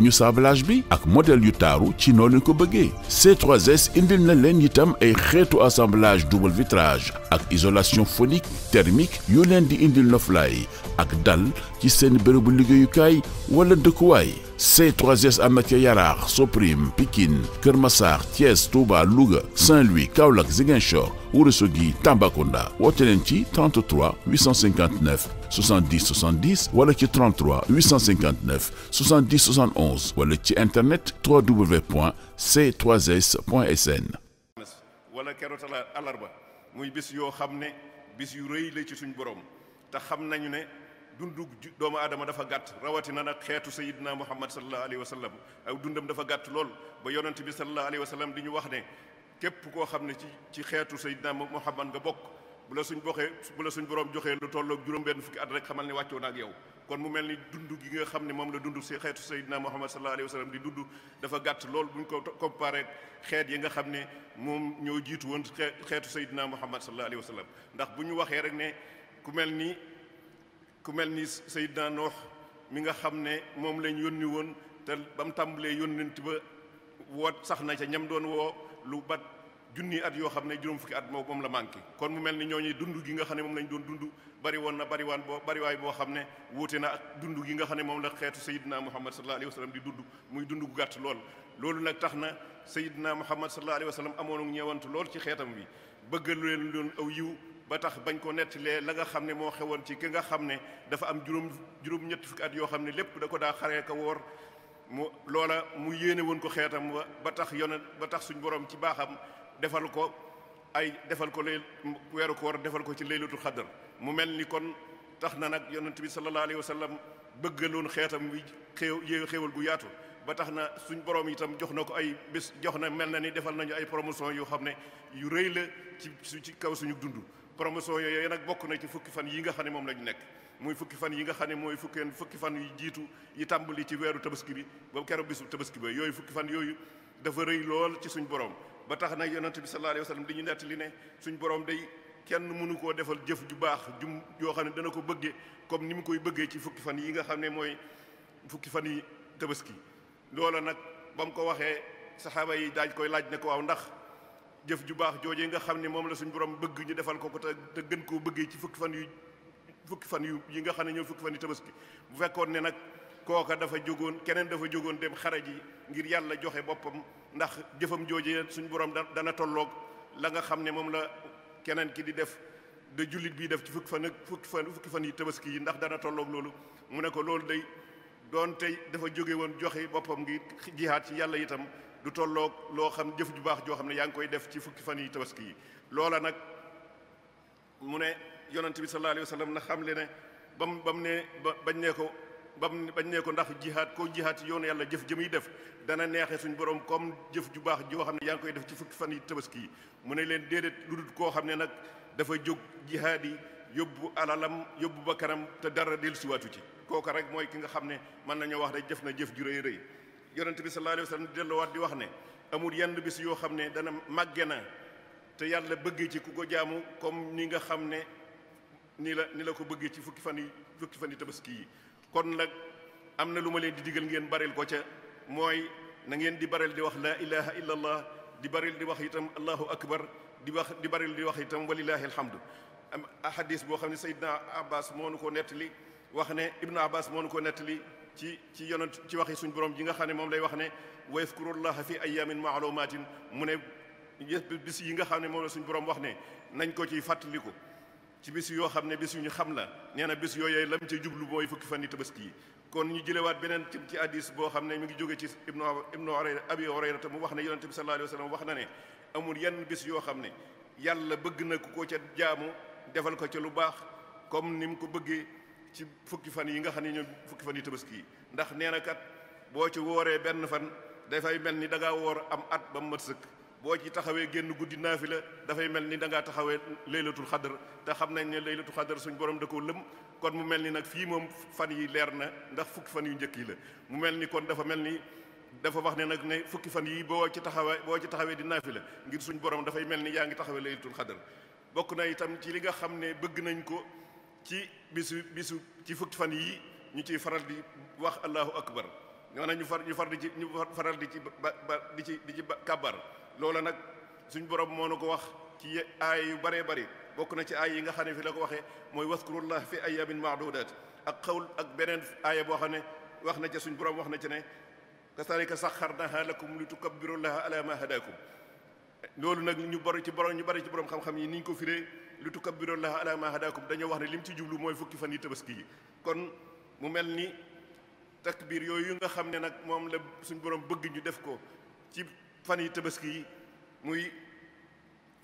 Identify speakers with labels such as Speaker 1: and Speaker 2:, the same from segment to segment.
Speaker 1: ñu sablage bi ak modèle yu taaru ci noolu noonu ko bëggee c 3 indil na leen itam ay xeetu assemblage double vitrage ak isolation phonique thermique yu leen di indil noflaay ak dal ci seen bërëbu liggéeyukaay wala dëkkuwaay C3S Amathia Yaraar Soprim Pikine Kër Massar Thiès Touba Louga Saint-Louis Kaolack Ziguinchor Ourossogui Tambacounda woote leen ci 33 859 70 70 wala ci 33 859 70 71 wala ci internet www.c3s.sn.
Speaker 2: wala keroog alarba muy bis yoo xam ne bis yu rëy la ci suñu borom te xam nañu ne. dundu doomu adama dafa gàtt rawatina nag xeetu sayidina muhammad sallallahu alayhi wa sallam aw dundam dafa gàtt lool ba yonent bi sallallahu alayhi wa sallam di ñu wax ne képp koo xam ne ci ci xeetu sayidina muhammad nga bokk la suñ boxee bu la suñ borom joxee lu tolloog juróom-benn fukki at rek xamal ne wàccoo na ak yow kon mu mel ni dund gi nga xam ne moom la dund si xeetu sayidina muhammad sallallahu alayhi wa sallam di dund dafa gàtt lool buñ ko comparé xeet yi nga xam ne moom ñoo jiitu woon xeetu sayidina muhammad sallallahu alayhi wa sallam ndax bu ñu waxee rek ne ku mel nii ku mel ni Seydina Noox mi nga xam ne moom lañ yónni woon te ba mu tàmbalee yónnent ba woot sax na ca ñam doon woo lu bat junni at yoo xam ne juróom fukki at moom moom la manqué kon mu mel ni ñooñu dund gi nga xam ne moom lañ doon dund bari na bari waan boo boo xam ne wuute na ak gi nga xam ne moom la xeetu Seydina Muhammad sallallahu alayhi wa sallam di dund muy dund gu gàtt lool loolu nag tax na Seydina Muhammad sallallahu alayhi wa sallam amoon ñeewantu lool ci xeetam bi bëggal leen loon aw yiw ba tax bañ ko nettalee la nga xam ne moo xewoon ci ki nga xam ne dafa am juróom juróom ñetti fukki at yoo xam ne lépp da ko daa xaree ka woor mu loola mu yéene woon ko xeetam ba tax yonent ba tax suñ borom ci baaxam defal ko ay defal ko lay weeru koor defal ko ci laylatul xadar mu mel ni kon tax na nag yonent bi sallallahu alayhi wa sallam xeetam wi xew yéew xéewal gu yaatu ba tax na suñ borom itam jox na ko ay bés jox na mel na ni defal nañu ay promotion yoo xam ne yu rëy la ci ci kaw suñu dund promotion yooyu nag bokk na ci fukki fan yi nga xam ne moom lañu nekk muy fukki fan yi nga xam ne mooy fukkeen fukki fan yu jiitu yi tàmbali ci weeru tabaski bi ba keroog bisu tabaski ba yooyu fukki fan yooyu dafa rëy lool ci suñ borom ba tax na yonent bi sallallahu alayhi wa dañu nettali ne suñ borom day kenn mënu koo defal jëf ju baax jum yoo xam ne dana ko bëggee comme ni mu koy bëggee ci fukki fan yi nga xam ne mooy fukki fan yi tabaski loola nag ba mu ko waxee saxaaba yi daaj koy laaj ne ko waaw ndax jëf ju baax jooje nga xam ne moom la suñu borom bëgg ñu defal ko ko te gën koo bëggee ci fukki fan yu fukki fan yu yi nga xam ne ñoo fukki fan yu tabaski bu fekkoon ne nag kooka dafa jógoon keneen dafa jógoon dem xare ji ngir yàlla joxe boppam ndax jëfam jooje suñu borom dana tolloog la nga xam ne moom la keneen ki di def de jullit bii def ci fukki fan ak fukki fan fukki fan yi tabaski yi ndax dana loolu mu ne ko loolu day doon tey dafa jóge woon joxe boppam ngir jihaat ci yàlla itam du tollook loo xam jëf ju baax joo xam ne yaa ngi koy def ci fukki fan yi tabaski yi loola nag mu ne yonante bi sallallahu alayhi wa sallam na xam le ne bam bam ne ba bañ nee ko bam bañ ne ko ndax jihaad koo jihaad ci yoonu yàlla jëf jëmuy def dana neexe suñ borom comme jëf ju baax joo xam ne yaa ngi koy def ci fukki fan yi tabaski yi mu ne leen déedéet lu dul koo xam ne nag dafa jóg jihaad yi yóbbu alalam yóbbu ba kanam te dara dellusiwaatu ci kooku rek mooy ki nga xam ne mën nañoo wax ne jëf na jëf ju rëy rëy yonent bi sallallahu alayhi wa sallam delluwaat di wax ne amul yenn bis yoo xam ne dana màgge na te yàlla bëggee ci ku ko jaamu comme ni nga xam ne ni la ni la ko bëggee ci fukki fan yi fukki fan yi tabaski kon nag am na lu ma leen di digal ngeen bareel ko ca mooy na ngeen di bareel di wax laa ilaha illa allah di bareel di wax itam allahu akbar di wax di bareel di wax itam walilahi alhamdu am ahadis boo xam ne Seydina Abbas moo nu ko nettali wax ne Ibnu Abbas moo nu ko nettali ci ci yonent ci waxi suñ boroom ji nga xam ne moom lay wax ne wa yadkurullaha fi ayamin maalumatin mu ne bis yi nga xam ne moom la suñ borom wax ne nañ ko ciy fàttaliku ci bis yoo xam ne bis yu ñu xam la nee na bis yooyee lam ca jublu mooy fukki fan yi tabaski yi kon ñu jëlewaat beneen ci ci hadis boo xam ne mi ngi jóge ci ibnu ibnu abi hurayrata mu wax ne yonente bi sallallahu alayhi wa sallam wax na ne amul yenn bis yoo xam ne yàlla bëgg na ku ko ca jaamu defal ko ca lu baax comme ni mu ko bëggee ci fukki fan yi nga xam ne ñu fukki fan yi tabaski ndax nee na kat boo ci wooree benn fan dafay mel ni da ngaa woor am at ba mu mat sëkk boo ci taxawee génn guddi naafila dafay mel ni da ngaa taxawee laylatul xadar te xam nañ ne laylatul xadar suñ borom da lëm kon mu mel ni fii moom fan yi leer na ndax fukki fan yu njëkk yi la mu mel ni kon dafa mel ni dafa wax ne nag ne fukki fan yi boo ci taxawee boo ci taxawee di naafila ngir suñ borom dafay mel ni yaa ngi taxawee laylatul xadar bokk na itam ci li nga xam ne bëgg nañ ko ci bisu bisu ci fukki fan yii ñu ciy faral di wax allahu akbar maanaam ñu far ñu far di ci ñu faral di ci ba ba di ci di ci kàbbar loola nag suñ borom moo na ko wax ci aay yu bëree bëri bokk na ci aay yi nga xam ne fi la ko waxee mooy waskurullah fi ay ayamin maadudat ak xawul ak beneen aaya boo xam ne wax na ca suñ borom wax na ci ne kasaalika saxarnaha lakum li tukabbirullaha ala ma hadakum loolu nag ñu bari ci borom ñu bari ci borom xam-xam yi ni ko fire li tukabbirullaha ala ma hadakum dañoo wax ne lim ci jublu mooy fukki fan yi tabaski yi kon mu mel ni takbir yooyu nga xam ne nag moom la suñ borom bëgg ñu def ko ci fan yi tabaski yi muy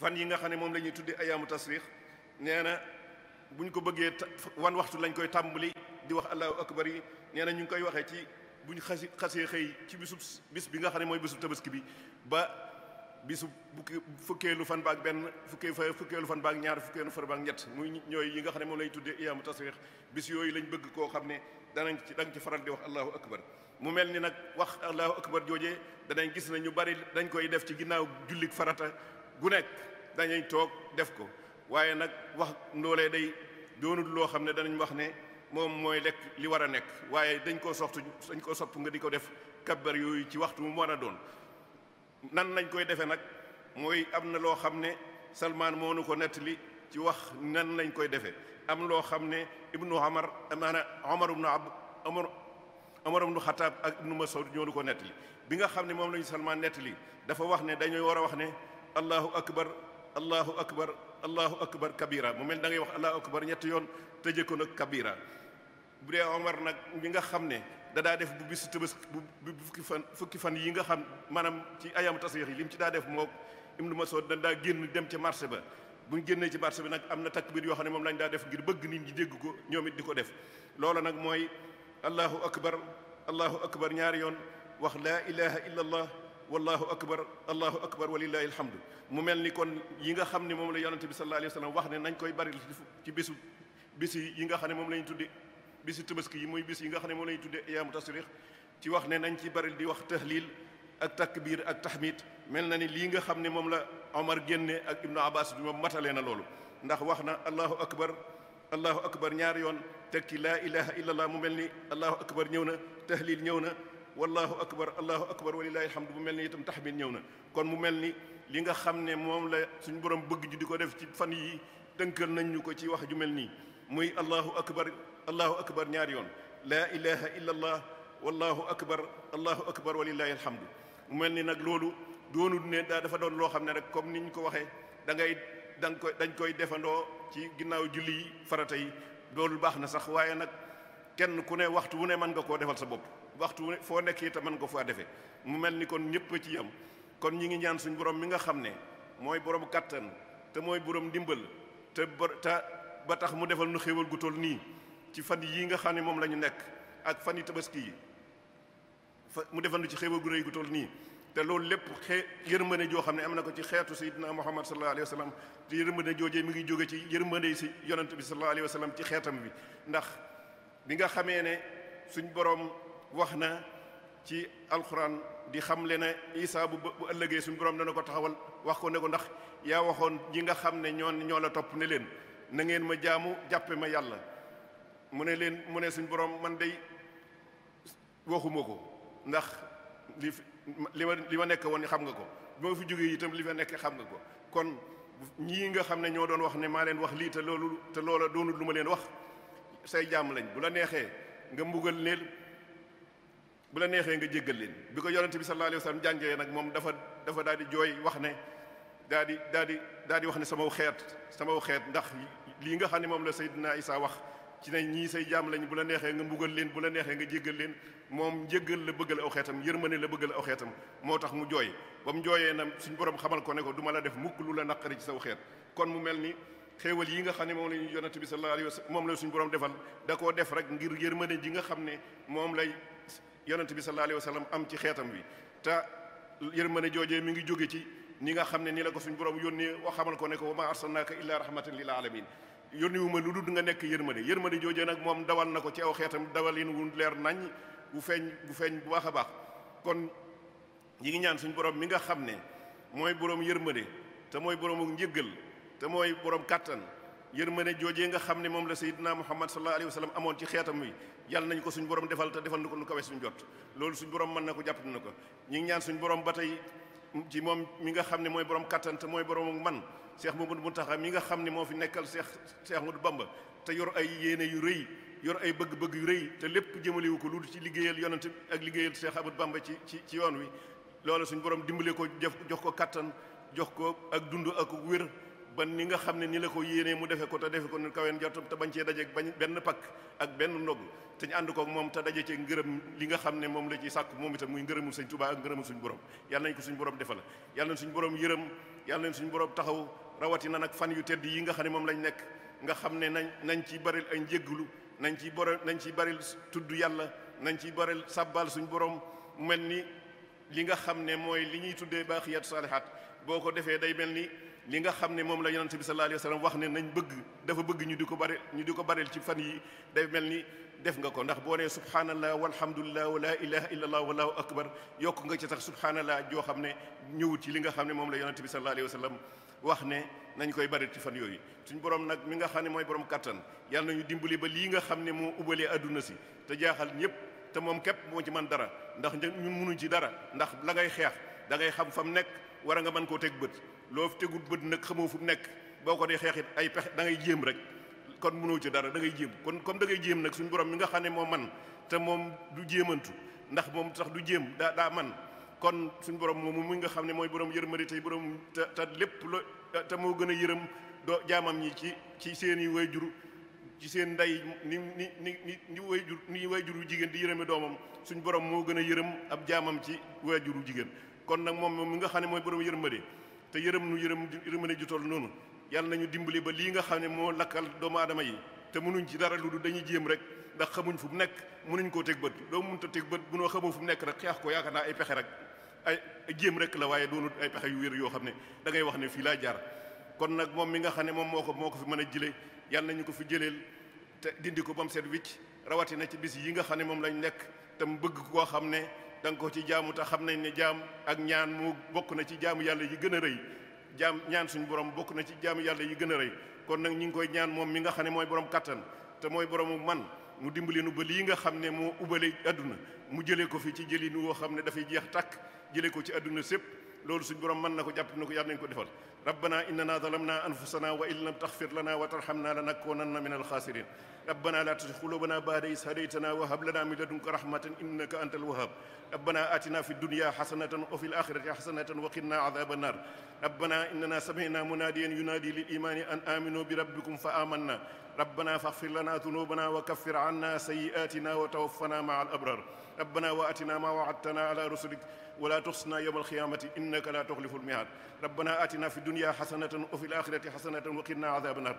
Speaker 2: fan yi nga xam ne moom la ñuy tuddee ayaamu tasrix nee na bu ñu ko bëggee wan waxtu lañ koy tàmbali di wax allahu akbar yi nee ñu ngi koy waxee ci bu ñu xasi xasee xëy ci bisub bis bi nga xam ne mooy bisub tabaski bi bisu bukki fukkeelu fan baak benn fukkee fa fukkeelu fan baak ñaar fukkeelu fan baak ñett muy ñooy yi nga xam ne moom lay tuddee iyaamu tasriix bis yooyu lañu bëgg koo xam ne danañ ci danga ci faral di wax allahu akbar mu mel ni nag wax allahu akbar joojee danañ gis na ñu bari dañ koy def ci ginnaaw jullik farata gu nekk dañuy toog def ko waaye nag wax ndoolee day doonul loo xam ne danañ wax ne moom mooy lekk li war a nekk waaye dañ koo soxtu dañ koo sopp nga di ko def kabbar yooyu ci waxtu mu war a doon nan lañ koy defee nag mooy am na loo xam ne Salmaan moo nu ko nettili ci wax nan lañ koy defee am loo xam ne ibnu Omar maanaam Omar ibnu Ab Omar Omar ibnu Xataab ak nu Mas'ud ñoo nu ko nettali bi nga xam ne moom lañu Salmaan nettili dafa wax ne dañuy war a wax ne allahu akbar allahu akbar allahu akbar kabira mu mel da ngay wax allahu akbar ñetti yoon tëjee ko nag kabira bu dee Omar nag bi nga xam ne da daa def bu bisu tëbës bu fukki fan fukki fan yi nga xam maanaam ci ayam taswix yi li ci daa def moo ma soo da daa génn dem ca marché ba bu ñu génnee ci marché bi nag am na takbir yoo xam ne moom lañ daa def ngir bëgg nit ñi dégg ko ñoom di ko def loola nag mooy allahu akbar allahu akbar ñaari yoon wax laa ilaha illa allah wallahu akbar allahu akbar walillahi alhamdu mu mel ni kon yi nga xam ne moom la yonente bi sallallahu alayhi wa wax ne nañ koy bari ci bisu bisu yi nga xam ne moom la ñu tuddi bisu tabaski yi mooy bis yi nga xam ne moom lañuy tuddee ayaamu tasrix ci wax ne nañ ci bari di wax tahlil ak takbir ak tahmid mel na ni lii nga xam ne moom la Omar génne ak Ibnu Abbas bi moom matalee na loolu ndax wax na allahu akbar allahu akbar ñaari yoon tekki laa ilaha illallah mu mel ni allahu akbar ñëw na tahlil ñëw na wallahu akbar allahu akbar walilahi alhamdu mu mel ni itam tahmid ñëw na kon mu mel ni li nga xam ne moom la suñu borom bëgg ju di ko def ci fan yi tënkal nañ ñu ko ci wax ju mel nii muy allahu akbar allahu akbar ñaari yoon laa ilaha illa allah wallahu akbar allahu akbar walillahi alhamdu mu mel ni nag loolu doonu du ne daa dafa doon loo xam ne rek comme ni ñu ko waxee da ngay dañ koy defandoo ci ginnaaw julli yi farata yi loolu baax na sax waaye nag kenn ku ne waxtu wu ne mën nga koo defal sa bopp waxtu wu ne foo nekk itam mën nga faa defee mu mel ni kon ñëpp ci yam kon ñi ngi ñaan suñ borom mi nga xam ne mooy borom kattan te mooy borom ndimbal te bor te ba tax mu defal nu xéewal gu toll nii ci fan yii nga xam ne moom la ñu nekk ak fan yi tabaski yi fa mu defal nu ci xéewal gu rëy toll nii te loolu lépp xee yërmande joo xam ne am na ko ci xeetu sayyidina muhammad sallallahu alayhi wa sallam te yërmande joojee mi ngi jóge ci yërmande si yonent bi sallallahu alayhi wa sallam ci xeetam bi ndax bi nga xamee ne suñ boroom wax na ci alquran di xamle ne isaa bu bu ëllëgee suñ borom dana ko taxawal wax ko ne ko ndax yaa waxoon ñi nga xam ne ñoon ñoo la topp ne leen na ngeen ma jaamu jàppe ma yàlla mu ne leen mu ne suñ borom man dey waxuma ko ndax li li ma li ma nekk woon xam nga ko bi ma fi jógee itam li ma nekk xam nga ko kon ñii nga xam ne ñoo doon wax ne maa leen wax lii te loolu te loola doonul lu ma leen wax say jàmm lañ bu la neexee nga mbugal leen bu la neexee nga jéggal leen bi ko yonente bi sallallahu alayhi wa sallam jàngee nag moom dafa dafa daal di jooy wax ne daa di daa di daa di wax ne samaw xeet samaw xeet ndax lii nga xam ne moom la Seydina Isa wax ci ne ñii say jaam lañ bu la neexee nga mbugal leen bu la neexee nga jéggal leen moom njéggal la bëggal aw xeetam yërmande la bëggal aw xeetam moo tax mu jooy ba mu jooyee na suñ borom xamal ko ne ko du ma la def mukk lu la naqari ci saw xeet kon mu mel ni xéewal yi nga xam ne moom la ñu yonent bi sallallahu alayhi wa sallam moom la suñu borom defal da koo def rek ngir yërmande ji nga xam ne moom lay yonent bi sallallahu alayhi wa sallam am ci xeetam bi te yërmande joojee mi ngi jóge ci ni nga xam ne ni la ko suñ borom yónnee wa xamal ko ne ko wa ma arsalnaaka illaa rahmatan lil alamin yónni wu ma lu dul nga nekk yërmande yërmande jooje nag moom dawal na ko ci aw xeetam dawalin wu leer nañ bu feeñ bu feeñ bu baax a baax kon ñi ngi ñaan suñu borom mi nga xam ne mooy borom yërmande te mooy borom njëggal te mooy borom kàttan yërmande joojee nga xam ne moom la sayyidina muhammad sallallahu alayhi wa sallam amoon ci xeetam wi yàlla nañ ko suñ borom defal te defal na ko lu kawe suñu jot loolu suñu borom mën na ko jàpp na ko ñi ngi ñaan suñu borom ba tey ji moom mi nga xam ne mooy borom kattan te mooy borom man Cheikh tax Mountakha mi nga xam ne moo fi nekkal Cheikh seex Ahmadou Bamba te yor ay yéene yu rëy yor ay bëgg-bëgg yu rëy te lépp jëmalewu ko lu dul ci liggéeyal yonent ak liggéeyal Cheikh Ahmadou Bamba ci ci ci yoon wi loolu suñ boroom dimbale ko jox ko kattan jox ko ak dund ak wér ban ni nga xam ne ni la ko yéenee mu defe ko te defe ko nu kaween jortam te bañ cee daje bañ benn pakk ak benn ndog te ñu ànd kook moom te daje cee ngërëm li nga xam ne moom la ciy sàkk moom itam muy ngërëmul sëñ Tuubaa ak ngërëmul suñu borom yàlla ko suñu borom defal yàlla suñu borom yërëm yàlla suñu borom taxaw rawatina nag fan yu tedd yi nga xam ne moom lañ nekk nga xam ne nañ nañ ciy baril ay njégglu nañ ciy bor nañ ciy baril tudd yàlla nañ ciy baril sàbbaal suñu borom mel ni li nga xam ne mooy li ñuy tuddee baaxiyaatu saalihaat boo ko defee day mel ni li nga xam ne moom la yonent bi sallallahu alayhi wa wax ne nañ bëgg dafa bëgg ñu di ko bare ñu di ko bareel ci fan yi day mel ni def nga ko ndax boo nee subhaanallah walhamdulillah wa la ilaha illa allah wallahu akbar yokk nga ci sax subhaanallah joo xam ne ñëwut ci li nga xam ne moom la yonent bi sallallahu wax ne nañ koy bari ci fan yooyu suñ borom nag mi nga xam ne mooy borom kattan yàlla nañu dimbali ba lii nga xam ne moo ubalee adduna si te jaaxal ñëpp te moom képp moo ci man dara ndax ñun munuñ ci dara ndax la ngay xeex dangay xam fa mu nekk war a nga mën koo teg bët loo fi tegul bët nag xamoo fu mu nekk boo ko dee xeexit ay pexe da ngay jéem rek kon mënoo ci dara da ngay jéem kon comme da ngay jéem nag suñu borom mi nga xam ne moo man te moom du jéemantu ndax moom sax du jéem daa man kon suñu borom moom mi nga xam ne mooy borom yërmande borom te te lépp lo te moo gën a yërëm doo jaamam ñi ci ci seen i wayjur ci seen ndey ni ni ni ni ni wayjur ni wayjuru jigéen di yërëme doomam suñu borom moo gën a yërëm ab jaamam ci wayjuru jigéen kon nag moom moom mi nga xam ne mooy borom yërmande te yërëm nu yërëm yërëmane ju toll noonu yàlla nañu dimbali ba lii nga xam ne moo lakkal doomu aadama yi te mënuñ ci dara lu dul dañuy jéem rek ndax xamuñ fu mu nekk mënuñ koo teg bët doo mënut a bët bu noo fu mu nekk rek xeex ko yaakaar naa rek ay jéem rek la waaye doonut ay pexe yu wér yoo xam ne da ngay wax ne fii laa jaar kon nag moom mi nga xam ne moom moo ko moo ko fi mën a jëlee yàlla nañu ko fi jëleel te dindi ko ba mu seet rawatina ci bis yi nga xam ne moom lañ nekk te mu bëgg koo xam ne da ko ci jaamu te xam nañ ne jaam ak ñaan mu bokk na ci jaamu yàlla yi gën a rëy jaam ñaan suñu borom bokk na ci jaamu yàlla yi gën a rëy kon nag ñi ngi koy ñaan moom mi nga xam ne mooy borom kàttan te mooy boromu man mu dimbali nu ba lii nga xam ne moo ubalee àdduna mu jëlee ko fi ci jëlin woo xam ne dafay jeex tàkk jëlee ko ci àdduna sépp loolu suñ borom mën na ko jàpp na ko yàlla nañ ko defal rabbana innana zalamna anfusana wa in lam taxfir lana wa tarxamna lanakunanna min alxaasirin rabbana la tuzig qulubana baada is hadaytana wa hab lana min ladunka rahmatan innaka anta alwahhab rabbana atina fi dunya xasanatan wa fi alaxirati xasanatan wa qina adaba annar rabbana innana samina munadiyan yunadi lil imani an aminu bi rabbikum fa amanna rabbana faxfir lana dunubana wa kaffir anna sayi'atina wa tawaffana maa al abrar rabbana wa atina maa waadtana ala rusulik ولا تخصنا يوم القيامة إنك لا تخلف الميعاد ربنا آتنا في الدنيا حسنة وفي الآخرة حسنة وقنا عذاب النار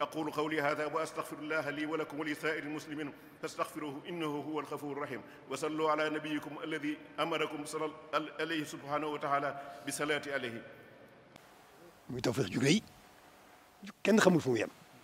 Speaker 2: أقول قولي هذا وأستغفر الله لي ولكم ولسائر المسلمين فاستغفروه إنه هو الغفور الرحيم وصلوا على نبيكم الذي أمركم صلى عليه سبحانه وتعالى بالصلاة عليه muy tawfeex ju rëy kenn xamul fu mu yem